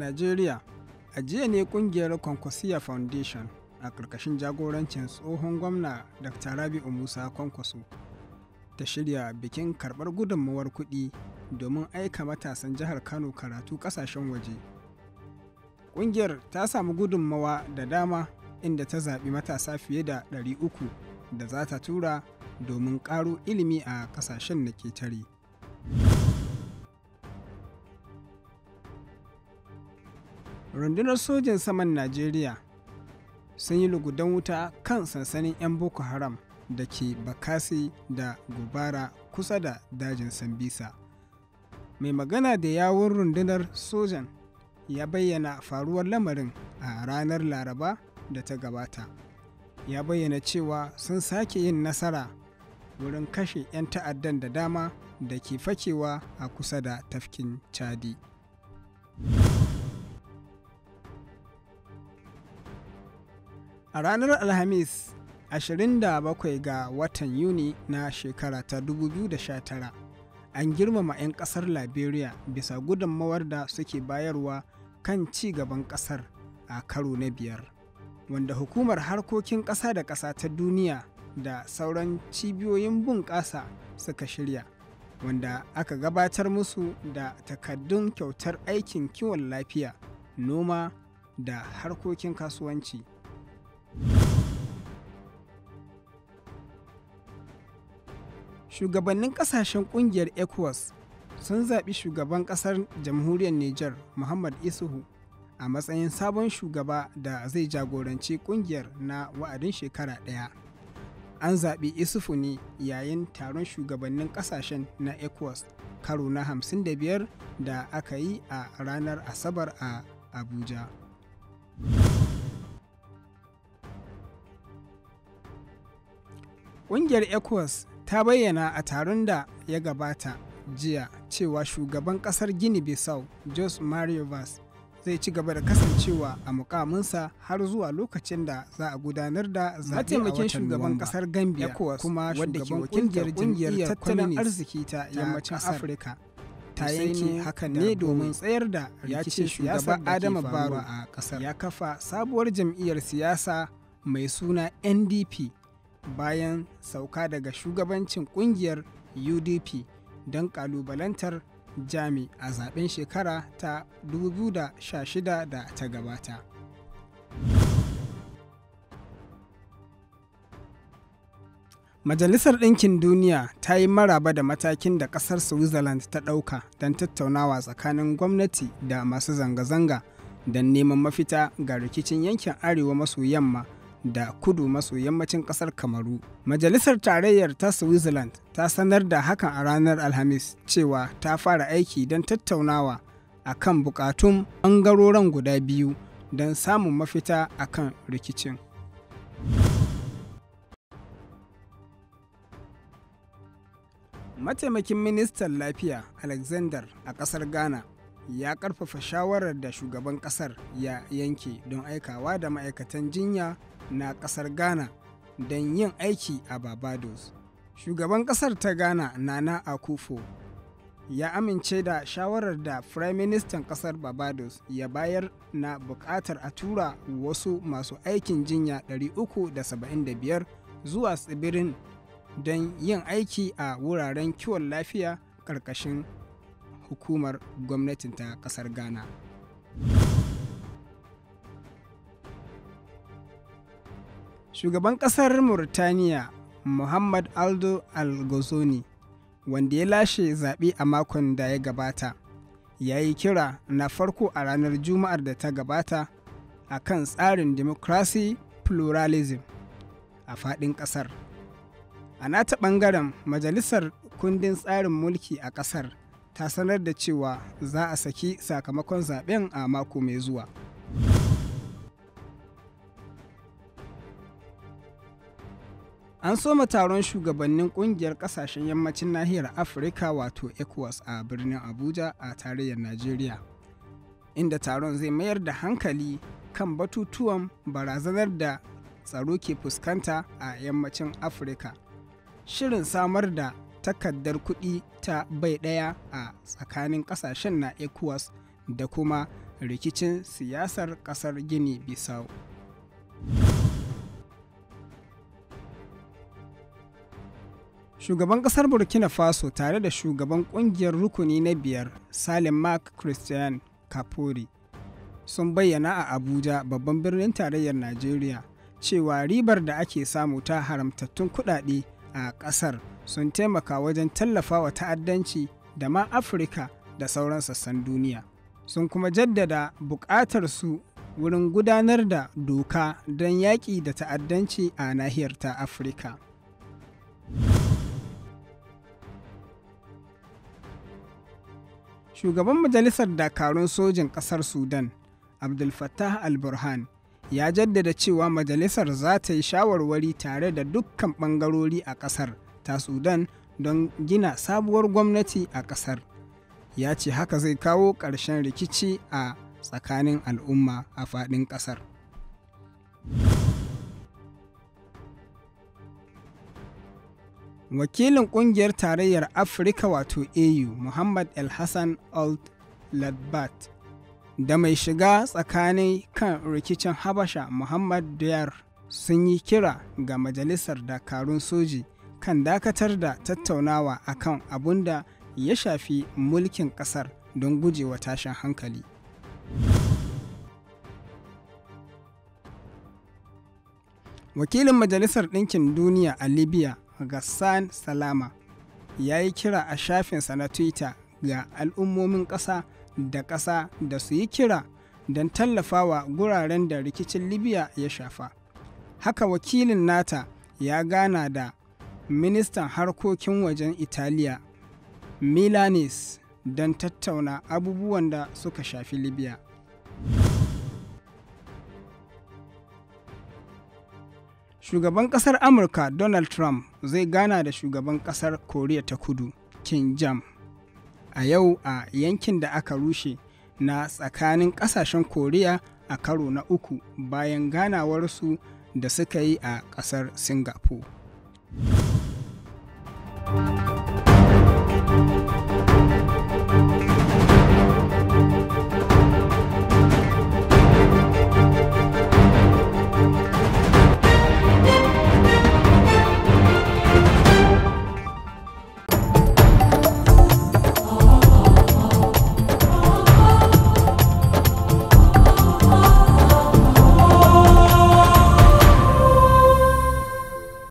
Najeriya, a jiya ne kungiyar Kwankwasiya Foundation a ƙarƙashin jagorancin tsohon gwamna Dr. Rabi'u Musa Kwankwaso ta shirya bikin karɓar gudunmawar kuɗi domin aika matasan jihar Kano karatu ƙasashen waje. Kungiyar ta samu gudunmawa da dama inda ta zaɓi matasa fiye da 300 da za ta tura domin ƙaro ilimi a ƙasashen da ke tare. rundunar sojin saman najeriya sun yi lugudan wuta kan sansanin 'yan boko haram da ke bakasi da gubara kusa da dajin sambisa mai magana da yawon rundunar sojan ya bayyana faruwar lamarin a ranar laraba da ta gabata ya bayyana cewa sun sake yin nasara wurin kashe 'yan ta'addan da dama da ke fakewa a kusa da tafkin chadi. A ranar Alhamis 27 ga watan Yuni na shekara ta 2019, an girmama 'yan kasar Liberia bisa gudunmawar da suke bayarwa kan ci gaban ƙasar a karo na biyar, wanda hukumar harkokin ƙasa da ƙasa ta duniya da sauran cibiyoyin bunƙasa suka shirya, wanda aka gabatar musu da takaddun kyautar aikin kiwon lafiya, noma da harkokin kasuwanci. Shugabannin kasashen kungiyar ECOWAS sun zaɓi shugaban ƙasar jamhuriyar Nijar Muhammad Isuhu a matsayin sabon shugaba da zai jagoranci kungiyar na wa'adin shekara ɗaya. An zaɓi Isufu ne yayin taron shugabannin ƙasashen na ECOWAS karo na 55 da aka yi a ranar Asabar a Abuja. Ƙungiyar ECOWAS ta bayyana a taron da ya gabata jiya cewa shugaban ƙasar Gini-Bissau, Jos Mario Vaz, zai ci gaba da kasancewa a mukaminsa har zuwa lokacin da za a gudanar da zaɓe a watan shugaban kasar Gambia kuma ke wakiltar tattalin arziki ta yammacin Afirka. Ta yanke hakan ne domin tsayar da rikicin shugaba Adama Baro a kasar. Ya kafa sabuwar jam'iyyar siyasa mai suna NDP bayan sauka daga shugabancin kungiyar udp don kalubalantar jami a zaben shekara ta 2016 da ta gabata Majalisar Ɗinkin Duniya ta yi maraba da matakin da ƙasar Switzerland ta ɗauka don tattaunawa tsakanin gwamnati da masu zanga-zanga don neman mafita ga rikicin yankin Arewa maso yamma da kudu maso yammacin kasar kamaru majalisar tarayyar ta switzerland ta sanar da hakan a ranar alhamis cewa ta fara aiki don tattaunawa a kan bukatun ɓangaroren guda biyu don samun mafita a kan rikicin mataimakin ministan lafiya alexander a kasar ghana ya karfafa shawarar da shugaban kasar ya yanke don aikawa da ma'aikatan jinya na ƙasar Ghana don yin aiki a Barbados. Shugaban ƙasar ta Ghana Nana Akufo ya amince da shawarar da Prime Minister ƙasar Barbados ya bayar na buƙatar a tura wasu masu aikin jinya 375 zuwa tsibirin don yin aiki a wuraren kiwon lafiya ƙarƙashin hukumar gwamnatin ta ƙasar Ghana. shugaban ƙasar murtaniya muhammad aldo al wanda ya lashe zaɓe a makon da ya gabata ya yi kira na farko a ranar juma'ar da ta gabata a kan tsarin democracy pluralism a faɗin ƙasar a nata ɓangaren majalisar kundin tsarin mulki a ƙasar ta sanar da cewa za a saki sakamakon zaɓen a mako mai zuwa an soma taron shugabannin kungiyar kasashen yammacin nahiyar afirka wato ecowas a birnin abuja a tarayyar najeriya inda taron zai mayar da hankali kan batutuwan barazanar da tsaro ke fuskanta a yammacin afirka shirin samar da takardar kuɗi ta bai ɗaya a tsakanin ƙasashen na ecowas da kuma rikicin siyasar ƙasar gini bisau shugaban kasar burkina faso tare da shugaban kungiyar rukuni na biyar salim mark christian kapori sun bayyana a abuja babban birnin tarayyar najeriya cewa ribar da ake samu ta haramtattun kudade a kasar sun taimaka wajen tallafa wa ta'addanci da ma afirka da sauran sassan duniya sun kuma jaddada buƙatar su wurin gudanar da doka don yaƙi da ta'addanci a nahiyar ta afirka shugaban majalisar dakarun sojin ƙasar sudan abdul fattah al-burhan ya jaddada cewa majalisar za ta yi shawarwari tare da dukkan ɓangarori a ƙasar ta sudan don gina sabuwar gwamnati a ƙasar ya ce haka zai kawo ƙarshen rikici a tsakanin al'umma a faɗin ƙasar. wakilin kungiyar tarayyar afirka wato au muhammad el hassan old ladbat da mai shiga tsakanin kan rikicin habasha muhammad diyar sun yi kira ga majalisar dakarun soji kan dakatar da tattaunawa akan abun da ya shafi mulkin kasar don gujewa tashin hankali wakilin majalisar ɗinkin duniya a libya Ghassan Salama ya yi kira a shafinsa na Twitter ga al'ummomin ƙasa da ƙasa da su yi kira don tallafawa guraren da rikicin Libya ya shafa. Haka wakilin nata ya gana da ministan harkokin wajen Italiya Milanes don tattauna abubuwan da suka shafi Libya. shugaban ƙasar amurka donald trump zai gana da shugaban ƙasar koriya ta kudu kim jam a yau a yankin da aka rushe na tsakanin ƙasashen koriya a karo na uku bayan ganawarsu da suka yi a ƙasar singapore